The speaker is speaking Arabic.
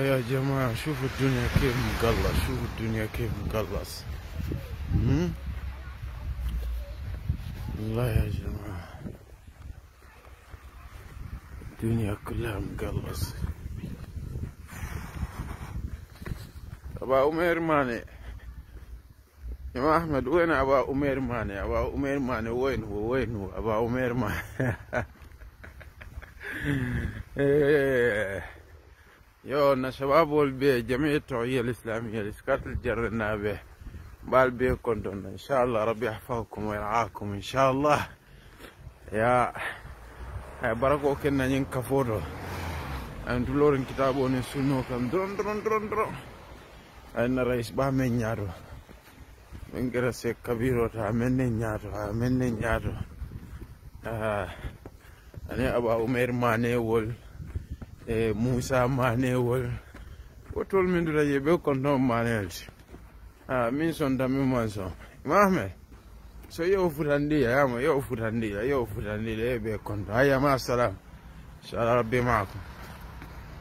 يا جماعة شوفوا الدنيا كيف مقلص شوفوا الدنيا كيف مقلص الله يا جماعة الدنيا كلها مقلص أبا أمير ماني يا أحمد وين أبا أمير ماني أبا أمير ماني وين هو وين هو أبا أمير ماني إيه. يونا شباب والبي جميع التوعية الإسلامية لسكات الجرنا به بالبي كنتم إن شاء الله ربي يحفظكم ويرعاكم إن شاء الله يا بركو كنا ينكفورو أنتو لورن كتابون السنو كم درون درون درون درون أنا رئيس بامين يارو من قرسي كبيرو تعملني يارو عملني يارو آه. أنا أبا أمير ماني وول e moussa manewol wottol min dulaje ɓe konton manelti a min sontanmi man son ah, imame so yew futandi yayama yew futandi yew futandi ɗe ɓe konto hayama assalam so ala rabbi makum